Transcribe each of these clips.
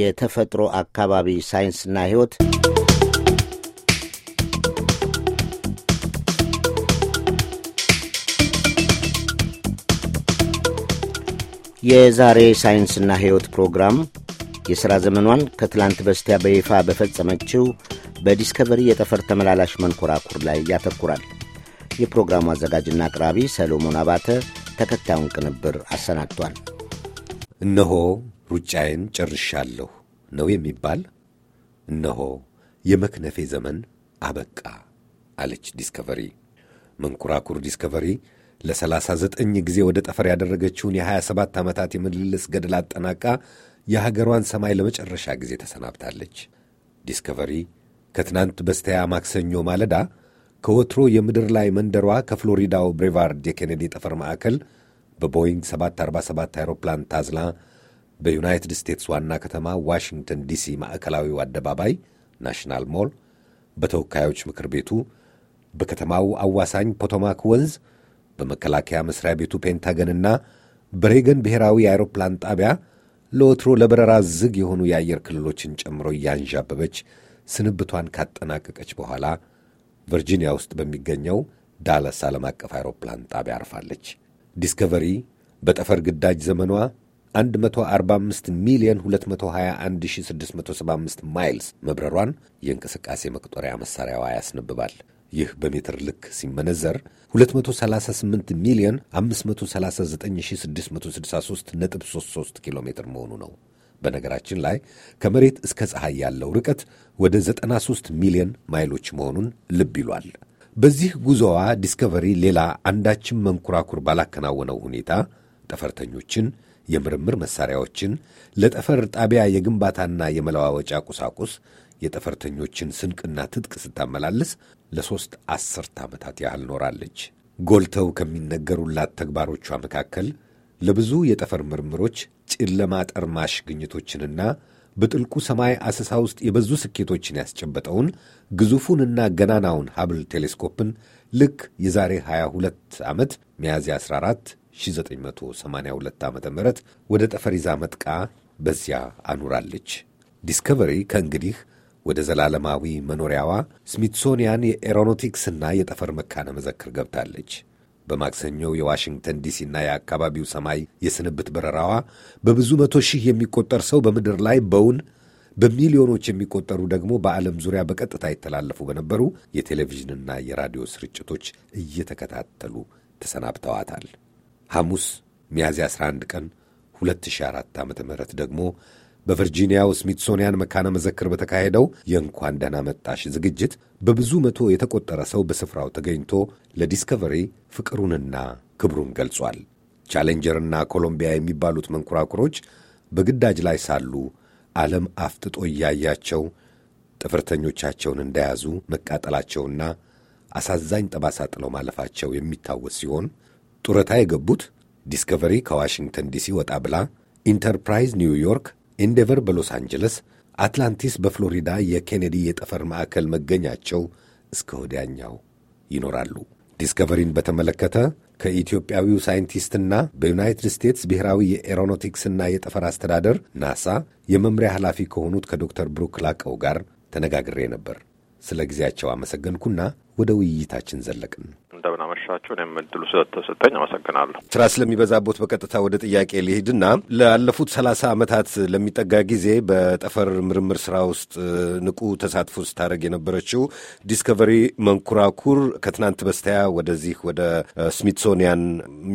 የተፈጥሮ አካባቢ ሳይንስና ሕይወት የዛሬ ሳይንስና ሕይወት ፕሮግራም የሥራ ዘመኗን ከትላንት በስቲያ በይፋ በፈጸመችው በዲስከቨሪ የጠፈር ተመላላሽ መንኮራኩር ላይ ያተኩራል። የፕሮግራሙ አዘጋጅና አቅራቢ ሰሎሞን አባተ ተከታዩን ቅንብር አሰናድቷል። እነሆ ሩጫዬን ጨርሻለሁ። ነው የሚባል እነሆ የመክነፌ ዘመን አበቃ አለች ዲስከቨሪ። መንኩራኩር ዲስከቨሪ ለ39 ጊዜ ወደ ጠፈር ያደረገችውን የ27 ዓመታት የምልልስ ገድል አጠናቃ የሀገሯን ሰማይ ለመጨረሻ ጊዜ ተሰናብታለች። ዲስከቨሪ ከትናንት በስተያ ማክሰኞ ማለዳ ከወትሮ የምድር ላይ መንደሯ ከፍሎሪዳው ብሬቫርድ የኬኔዲ ጠፈር ማዕከል በቦይንግ 747 አይሮፕላን ታዝላ በዩናይትድ ስቴትስ ዋና ከተማ ዋሽንግተን ዲሲ ማዕከላዊው አደባባይ ናሽናል ሞል፣ በተወካዮች ምክር ቤቱ፣ በከተማው አዋሳኝ ፖቶማክ ወንዝ፣ በመከላከያ መስሪያ ቤቱ ፔንታገንና በሬገን ብሔራዊ የአውሮፕላን ጣቢያ ለወትሮ ለበረራ ዝግ የሆኑ የአየር ክልሎችን ጨምሮ እያንዣበበች ስንብቷን ካጠናቀቀች በኋላ ቨርጂኒያ ውስጥ በሚገኘው ዳለስ ዓለም አቀፍ አውሮፕላን ጣቢያ አርፋለች። ዲስከቨሪ በጠፈር ግዳጅ ዘመኗ 145 ሚሊዮን 221675 ማይልስ መብረሯን የእንቅስቃሴ መቁጠሪያ መሳሪያዋ ያስነብባል። ይህ በሜትር ልክ ሲመነዘር 238 ሚሊዮን 539663 ኪሎ ሜትር መሆኑ ነው። በነገራችን ላይ ከመሬት እስከ ፀሐይ ያለው ርቀት ወደ 93 ሚሊዮን ማይሎች መሆኑን ልብ ይሏል። በዚህ ጉዞዋ ዲስከቨሪ ሌላ አንዳችም መንኩራኩር ባላከናወነው ሁኔታ ጠፈርተኞችን የምርምር መሳሪያዎችን፣ ለጠፈር ጣቢያ የግንባታና የመለዋወጫ ቁሳቁስ የጠፈርተኞችን ስንቅና ትጥቅ ስታመላልስ ለሦስት አስርት ዓመታት ያህል ኖራለች። ጎልተው ከሚነገሩላት ተግባሮቿ መካከል ለብዙ የጠፈር ምርምሮች ጨለማ ጠርማሽ ግኝቶችንና በጥልቁ ሰማይ አሰሳ ውስጥ የበዙ ስኬቶችን ያስጨበጠውን ግዙፉንና ገናናውን ሀብል ቴሌስኮፕን ልክ የዛሬ 22 ዓመት ሚያዝያ 14 1982 ዓ ም ወደ ጠፈሪዛ መጥቃ በዚያ አኑራለች። ዲስከቨሪ ከእንግዲህ ወደ ዘላለማዊ መኖሪያዋ ስሚትሶኒያን የኤሮኖቲክስና የጠፈር መካነ መዘክር ገብታለች። በማክሰኞው የዋሽንግተን ዲሲና የአካባቢው ሰማይ የስንብት በረራዋ በብዙ መቶ ሺህ የሚቆጠር ሰው በምድር ላይ በውን በሚሊዮኖች የሚቆጠሩ ደግሞ በዓለም ዙሪያ በቀጥታ ይተላለፉ በነበሩ የቴሌቪዥንና የራዲዮ ስርጭቶች እየተከታተሉ ተሰናብተዋታል። ሐሙስ ሚያዝያ 11 ቀን 2004 ዓ ም ደግሞ በቨርጂኒያው ስሚትሶኒያን መካነ መዘክር በተካሄደው የእንኳን ደህና መጣሽ ዝግጅት በብዙ መቶ የተቆጠረ ሰው በስፍራው ተገኝቶ ለዲስከቨሪ ፍቅሩንና ክብሩን ገልጿል። ቻሌንጀርና ኮሎምቢያ የሚባሉት መንኮራኩሮች በግዳጅ ላይ ሳሉ ዓለም አፍጥጦ እያያቸው ጥፍርተኞቻቸውን እንደያዙ መቃጠላቸውና አሳዛኝ ጠባሳ ጥለው ማለፋቸው የሚታወስ ሲሆን ጡረታ የገቡት ዲስከቨሪ ከዋሽንግተን ዲሲ ወጣ ብላ፣ ኢንተርፕራይዝ ኒውዮርክ፣ ኤንዴቨር በሎስ አንጀለስ፣ አትላንቲስ በፍሎሪዳ የኬኔዲ የጠፈር ማዕከል መገኛቸው እስከ ወዲያኛው ይኖራሉ። ዲስከቨሪን በተመለከተ ከኢትዮጵያዊው ሳይንቲስትና በዩናይትድ ስቴትስ ብሔራዊ የኤሮኖቲክስና የጠፈር አስተዳደር ናሳ የመምሪያ ኃላፊ ከሆኑት ከዶክተር ብሩክ ላቀው ጋር ተነጋግሬ ነበር። ስለ ጊዜያቸው አመሰገንኩና ወደ ውይይታችን ዘለቅን። እንደምን አመሻችሁ። እኔም እድሉ ስለተሰጠኝ አመሰግናለሁ። ስራ ስለሚበዛቦት በቀጥታ ወደ ጥያቄ ልሂድና ላለፉት ሰላሳ ዓመታት ለሚጠጋ ጊዜ በጠፈር ምርምር ስራ ውስጥ ንቁ ተሳትፎ ስታደርግ የነበረችው ዲስከቨሪ መንኮራኩር ከትናንት በስቲያ ወደዚህ ወደ ስሚትሶኒያን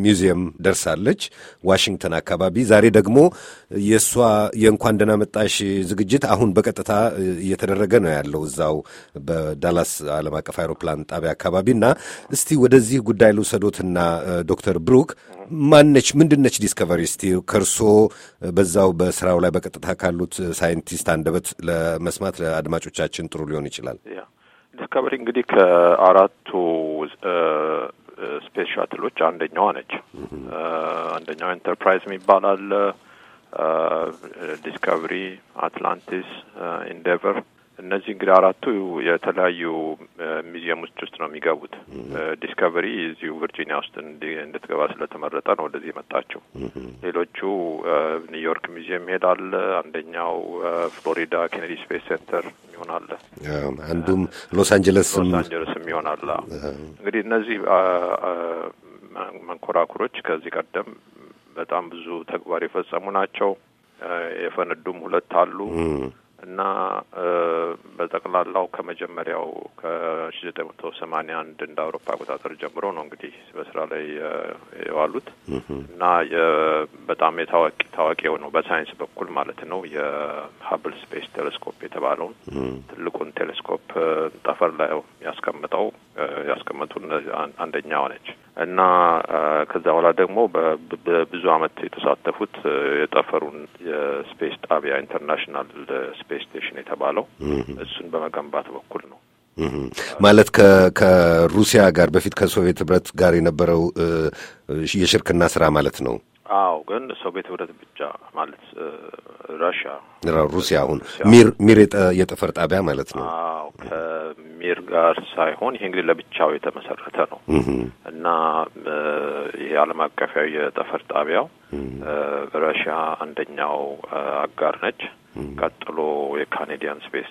ሚውዚየም ደርሳለች ዋሽንግተን አካባቢ። ዛሬ ደግሞ የእሷ የእንኳን ደህና መጣሽ ዝግጅት አሁን በቀጥታ እየተደረገ ነው ያለው እዛው በዳላስ ዓለም አቀፍ አውሮፕላን ጣቢያ አካባቢ እና እስቲ እስቲ ወደዚህ ጉዳይ ልውሰዶትና ዶክተር ብሩክ ማነች ምንድነች ዲስከቨሪ? እስቲ ከእርስዎ በዛው በስራው ላይ በቀጥታ ካሉት ሳይንቲስት አንደበት ለመስማት ለአድማጮቻችን ጥሩ ሊሆን ይችላል። ዲስከቨሪ እንግዲህ ከአራቱ ስፔስ ሻትሎች አንደኛዋ ነች። አንደኛው ኤንተርፕራይዝ የሚባል አለ፣ ዲስከቨሪ፣ አትላንቲስ፣ ኢንዴቨር እነዚህ እንግዲህ አራቱ የተለያዩ ሚዚየም ውስጥ ውስጥ ነው የሚገቡት። ዲስከቨሪ እዚሁ ቨርጂኒያ ውስጥ እንድትገባ ስለተመረጠ ነው ወደዚህ የመጣችው። ሌሎቹ ኒውዮርክ ሚዚየም ይሄዳል። አንደኛው ፍሎሪዳ ኬኔዲ ስፔስ ሴንተር ይሆናል። አንዱም ሎስ አንጀለስ ሎስ አንጀለስም ይሆናል። እንግዲህ እነዚህ መንኮራኩሮች ከዚህ ቀደም በጣም ብዙ ተግባር የፈጸሙ ናቸው። የፈነዱም ሁለት አሉ። እና በጠቅላላው ከመጀመሪያው ከሺ ዘጠኝ መቶ ሰማኒያ አንድ እንደ አውሮፓ አቆጣጠር ጀምሮ ነው እንግዲህ በስራ ላይ የዋሉት እና በጣም የታዋቂ ታዋቂ የሆነው በሳይንስ በኩል ማለት ነው የሀብል ስፔስ ቴሌስኮፕ የተባለውን ትልቁን ቴሌስኮፕ ጠፈር ላይ ያስቀምጠው ያስቀመጡን አንደኛዋ ነች። እና ከዛ በኋላ ደግሞ በብዙ አመት የተሳተፉት የጠፈሩን የስፔስ ጣቢያ ኢንተርናሽናል ስፔስ ስቴሽን የተባለው እሱን በመገንባት በኩል ነው። ማለት ከሩሲያ ጋር በፊት ከሶቪየት ህብረት ጋር የነበረው የሽርክና ስራ ማለት ነው። አዎ ግን ሶቪየት ህብረት ብቻ ማለት ራሻ ሩሲያ አሁን ሚር ሚር የጠፈር ጣቢያ ማለት ነው። አዎ ከሚር ጋር ሳይሆን ይሄ እንግዲህ ለብቻው የተመሰረተ ነው እና ይሄ ዓለም አቀፋዊ የጠፈር ጣቢያው ራሽያ አንደኛው አጋር ነች። ቀጥሎ የካኔዲያን ስፔስ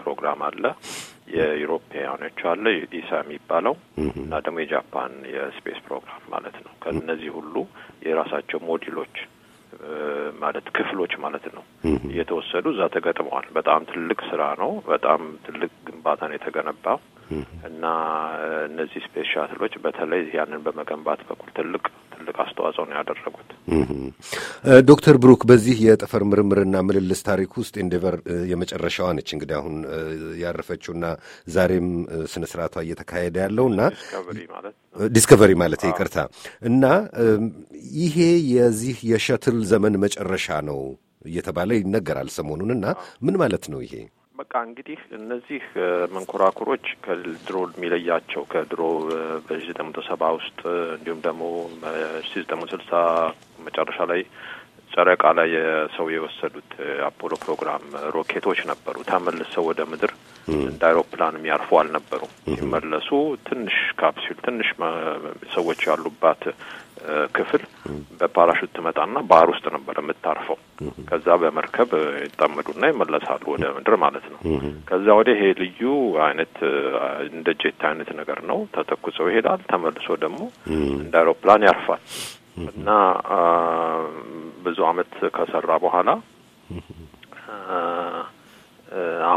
ፕሮግራም አለ። የዩሮፕ ኩባንያዎች አለ ኢሳ የሚባለው እና ደግሞ የጃፓን የስፔስ ፕሮግራም ማለት ነው። ከእነዚህ ሁሉ የራሳቸው ሞዴሎች ማለት ክፍሎች ማለት ነው እየተወሰዱ እዛ ተገጥመዋል። በጣም ትልቅ ስራ ነው። በጣም ትልቅ ግንባታ ነው የተገነባው እና እነዚህ ስፔስ ሻትሎች በተለይ ያንን በመገንባት በኩል ትልቅ ትልቅ አስተዋጽኦ ነው ያደረጉት። ዶክተር ብሩክ በዚህ የጠፈር ምርምርና ምልልስ ታሪክ ውስጥ ኢንዴቨር የመጨረሻዋ ነች እንግዲህ አሁን ያረፈችውና ዛሬም ስነ ስርዓቷ እየተካሄደ እና ዲስከቨሪ ማለት ይቅርታ እና ይሄ የዚህ የሸትል ዘመን መጨረሻ ነው እየተባለ ይነገራል ሰሞኑን እና ምን ማለት ነው ይሄ? በቃ እንግዲህ እነዚህ መንኮራኩሮች ከድሮ የሚለያቸው ከድሮ በሺ ዘጠኝ መቶ ሰባ ውስጥ እንዲሁም ደግሞ ሺ ዘጠኝ መቶ ስልሳ መጨረሻ ላይ ጨረቃ ላይ ሰው የወሰዱት አፖሎ ፕሮግራም ሮኬቶች ነበሩ ተመልሰው ወደ ምድር እንደ አይሮፕላንም ያርፉ አልነበሩም። ሲመለሱ ትንሽ ካፕሱል ትንሽ ሰዎች ያሉባት ክፍል በፓራሹት ትመጣና ባህር ውስጥ ነበር የምታርፈው። ከዛ በመርከብ ይጠመዱና ይመለሳሉ ወደ ምድር ማለት ነው። ከዛ ወደ ይሄ ልዩ አይነት እንደ ጄት አይነት ነገር ነው። ተተኩሰው ይሄዳል። ተመልሶ ደግሞ እንደ ያርፋል እና ብዙ አመት ከሰራ በኋላ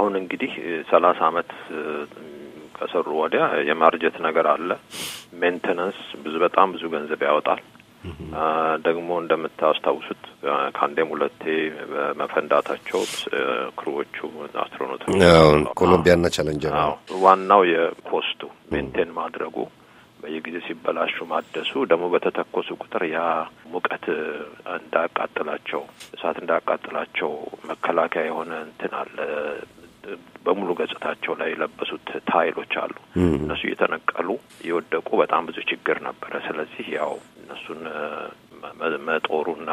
አሁን እንግዲህ ሰላሳ አመት ከሰሩ ወዲያ የማርጀት ነገር አለ። ሜንቴናንስ ብዙ በጣም ብዙ ገንዘብ ያወጣል። ደግሞ እንደምታስታውሱት ከአንዴም ሁለቴ በመፈንዳታቸው ክሩዎቹ አስትሮኖቶች ኮሎምቢያና ቻለንጀር ዋናው የኮስቱ ሜንቴን ማድረጉ በየጊዜ ሲበላሹ ማደሱ ደግሞ በተተኮሱ ቁጥር ያ ሙቀት እንዳያቃጥላቸው እሳት እንዳያቃጥላቸው መከላከያ የሆነ እንትን አለ በሙሉ ገጽታቸው ላይ የለበሱት ታይሎች አሉ። እነሱ እየተነቀሉ የወደቁ በጣም ብዙ ችግር ነበረ። ስለዚህ ያው እነሱን መጦሩና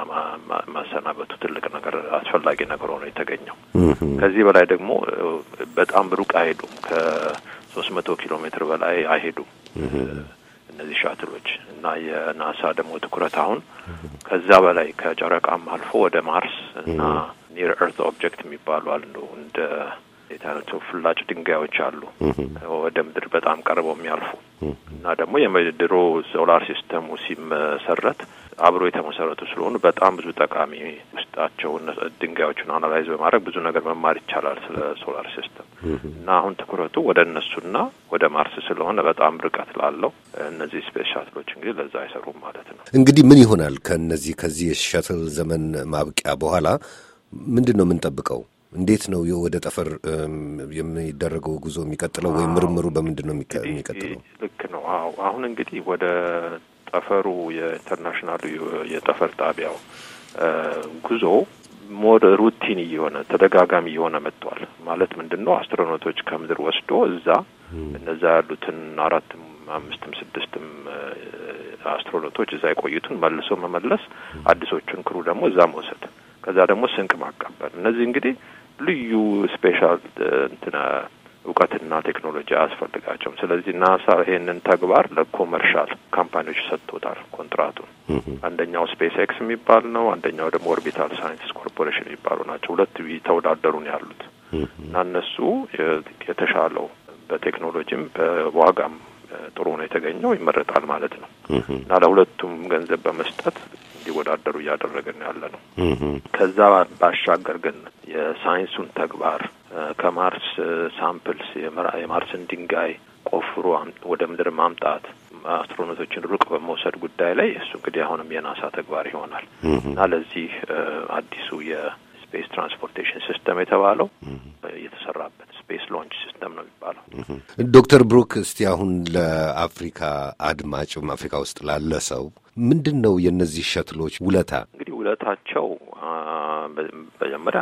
ማሰናበቱ ትልቅ ነገር አስፈላጊ ነገር ሆኖ የተገኘው። ከዚህ በላይ ደግሞ በጣም ብሩቅ አይሄዱም። ከሶስት መቶ ኪሎ ሜትር በላይ አይሄዱም እነዚህ ሻትሎች እና የናሳ ደግሞ ትኩረት አሁን ከዛ በላይ ከጨረቃም አልፎ ወደ ማርስ እና ኒር ኤርት ኦብጀክት የሚባሉ አሉ እንደ ፍላጭ ድንጋዮች አሉ ወደ ምድር በጣም ቀርበው የሚያልፉ እና ደግሞ የምድሮ ሶላር ሲስተሙ ሲመሰረት አብሮ የተመሰረቱ ስለሆኑ በጣም ብዙ ጠቃሚ ውስጣቸውን ድንጋዮቹን አናላይዝ በማድረግ ብዙ ነገር መማር ይቻላል ስለ ሶላር ሲስተም እና አሁን ትኩረቱ ወደ እነሱና ወደ ማርስ ስለሆነ በጣም ርቀት ላለው እነዚህ ስፔስ ሻትሎች እንግዲህ ለዛ አይሰሩም ማለት ነው። እንግዲህ ምን ይሆናል ከነዚህ ከዚህ የሸትል ዘመን ማብቂያ በኋላ ምንድን ነው የምንጠብቀው? እንዴት ነው ወደ ጠፈር የሚደረገው ጉዞ የሚቀጥለው? ወይም ምርምሩ በምንድን ነው የሚቀጥለው? ልክ ነው። አሁን እንግዲህ ወደ ጠፈሩ የኢንተርናሽናሉ የጠፈር ጣቢያው ጉዞ ሞር ሩቲን እየሆነ ተደጋጋሚ እየሆነ መጥቷል። ማለት ምንድን ነው አስትሮኖቶች ከምድር ወስዶ እዛ እነዛ ያሉትን አራትም አምስትም ስድስትም አስትሮኖቶች እዛ የቆዩትን መልሶ መመለስ፣ አዲሶቹን ክሩ ደግሞ እዛ መውሰድ፣ ከዛ ደግሞ ስንቅ ማቀበል እነዚህ እንግዲህ ልዩ ስፔሻል እንትና እውቀትና ቴክኖሎጂ አያስፈልጋቸውም። ስለዚህ ናሳ ይሄንን ተግባር ለኮመርሻል ካምፓኒዎች ሰጥቶታል ኮንትራቱን። አንደኛው ስፔስ ኤክስ የሚባል ነው፣ አንደኛው ደግሞ ኦርቢታል ሳይንስ ኮርፖሬሽን የሚባሉ ናቸው። ሁለት ተወዳደሩ ነው ያሉት እና እነሱ የተሻለው በቴክኖሎጂም በዋጋም ጥሩ ነው የተገኘው ይመረጣል ማለት ነው እና ለሁለቱም ገንዘብ በመስጠት እንዲወዳደሩ እያደረግን ያለ ነው። ከዛ ባሻገር ግን የሳይንሱን ተግባር ከማርስ ሳምፕልስ የማርስን ድንጋይ ቆፍሮ ወደ ምድር ማምጣት አስትሮኖቶችን ሩቅ በመውሰድ ጉዳይ ላይ እሱ እንግዲህ አሁንም የናሳ ተግባር ይሆናል እና ለዚህ አዲሱ የስፔስ ትራንስፖርቴሽን ሲስተም የተባለው እየተሰራበት ስፔስ ሎንች ሲስተም ነው የሚባለው። ዶክተር ብሩክ እስቲ አሁን ለአፍሪካ አድማጭ አፍሪካ ውስጥ ላለ ሰው ምንድን ነው የእነዚህ ሸትሎች ውለታ? እንግዲህ ውለታቸው መጀመሪያ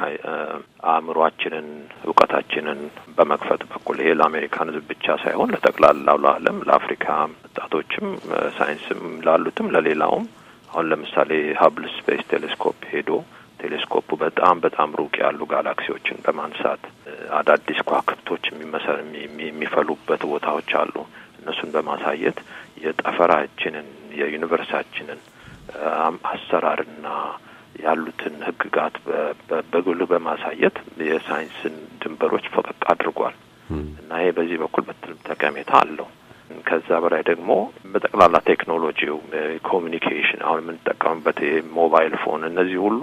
አእምሯችንን፣ እውቀታችንን በመክፈት በኩል ይሄ ለአሜሪካን ሕዝብ ብቻ ሳይሆን ለጠቅላላው ለዓለም ለአፍሪካ ወጣቶችም፣ ሳይንስም ላሉትም፣ ለሌላውም አሁን ለምሳሌ ሀብል ስፔስ ቴሌስኮፕ ሄዶ ቴሌስኮፑ በጣም በጣም ሩቅ ያሉ ጋላክሲዎችን በማንሳት አዳዲስ ከዋክብቶች የሚፈሉበት ቦታዎች አሉ። እነሱን በማሳየት የጠፈራችንን የዩኒቨርሳችንን አሰራርና ያሉትን ህግጋት በግሉ በማሳየት የሳይንስን ድንበሮች ፈቀቅ አድርጓል እና ይሄ በዚህ በኩል በትልም ጠቀሜታ አለው። ከዛ በላይ ደግሞ በጠቅላላ ቴክኖሎጂው ኮሚኒኬሽን፣ አሁን የምንጠቀምበት ሞባይል ፎን፣ እነዚህ ሁሉ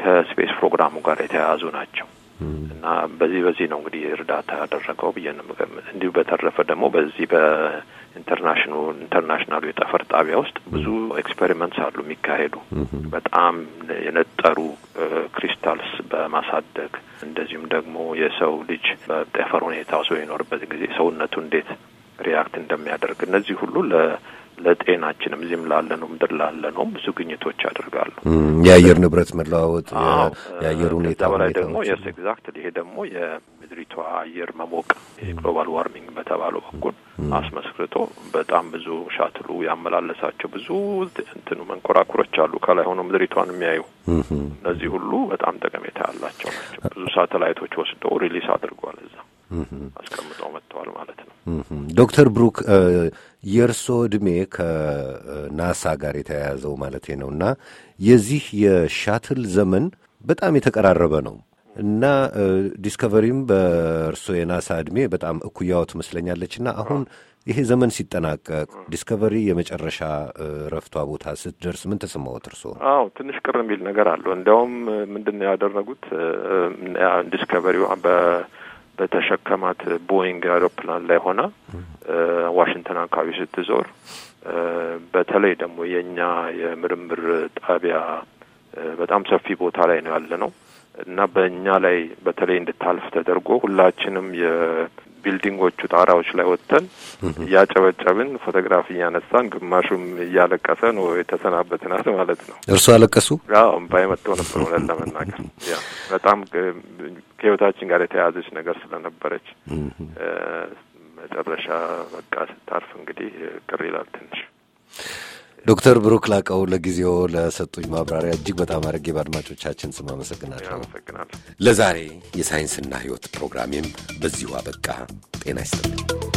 ከስፔስ ፕሮግራሙ ጋር የተያያዙ ናቸው እና በዚህ በዚህ ነው እንግዲህ እርዳታ ያደረገው ብዬ ነው የምገምት። እንዲሁ በተረፈ ደግሞ በዚህ በኢንተርናሽኑ ኢንተርናሽናሉ የጠፈር ጣቢያ ውስጥ ብዙ ኤክስፔሪመንትስ አሉ የሚካሄዱ በጣም የነጠሩ ክሪስታልስ በማሳደግ እንደዚሁም ደግሞ የሰው ልጅ በጠፈር ሁኔታ ሰው የኖርበት ጊዜ ሰውነቱ እንዴት ሪያክት እንደሚያደርግ እነዚህ ሁሉ ለ ለጤናችንም እዚህም ነው ምድር ላለ ነው ብዙ ግኝቶች ያደርጋሉ። የአየር ንብረት መለዋወጥ፣ የአየር ሁኔታ በላይ ደግሞ የስ ኤግዛክት ይሄ ደግሞ የምድሪቷ አየር መሞቅ የግሎባል ዋርሚንግ በተባለው በኩል አስመስክርቶ በጣም ብዙ ሻትሉ ያመላለሳቸው ብዙ እንትኑ መንኮራኩሮች አሉ ከላይ ሆኖ ምድሪቷን የሚያዩ እነዚህ ሁሉ በጣም ጠቀሜታ ያላቸው ናቸው። ብዙ ሳተላይቶች ወስደው ሪሊስ አድርጓል እዛ Mm-hmm. አስቀምጠው መጥተዋል ማለት ነው። ዶክተር ብሩክ የእርስዎ ዕድሜ ከናሳ ጋር የተያያዘው ማለቴ ነው እና የዚህ የሻትል ዘመን በጣም የተቀራረበ ነው እና ዲስከቨሪም uh, በእርስዎ የናሳ ዕድሜ በጣም እኩያው ትመስለኛለች እና አሁን ይሄ ዘመን ሲጠናቀቅ ዲስከቨሪ የመጨረሻ uh, ረፍቷ ቦታ ስትደርስ ምን ተሰማዎት እርስዎ? አዎ ትንሽ ቅር የሚል ነገር አለው። እንዲያውም ምንድን ነው ያደረጉት ዲስከቨሪ? Uh, በ በተሸከማት ቦይንግ አውሮፕላን ላይ ሆና ዋሽንግተን አካባቢ ስትዞር በተለይ ደግሞ የእኛ የምርምር ጣቢያ በጣም ሰፊ ቦታ ላይ ነው ያለ ነው እና በእኛ ላይ በተለይ እንድታልፍ ተደርጎ ሁላችንም ቢልዲንጎቹ ጣራዎች ላይ ወጥተን እያጨበጨብን ፎቶግራፍ እያነሳን ግማሹም እያለቀሰ ነው የተሰናበትናት ማለት ነው። እርሱ አለቀሱ? አዎ እምባዬ መጥቶ ነበር ሆነን ለመናገር ያ በጣም ከህይወታችን ጋር የተያያዘች ነገር ስለነበረች መጨረሻ በቃ ስታርፍ እንግዲህ ቅር ይላል ትንሽ። ዶክተር ብሩክ ላቀው ለጊዜው ለሰጡኝ ማብራሪያ እጅግ በጣም አድርጌ በአድማጮቻችን ስም አመሰግናለሁ። ለዛሬ የሳይንስና ሕይወት ፕሮግራሜም በዚሁ አበቃ። ጤና ይስጥልኝ።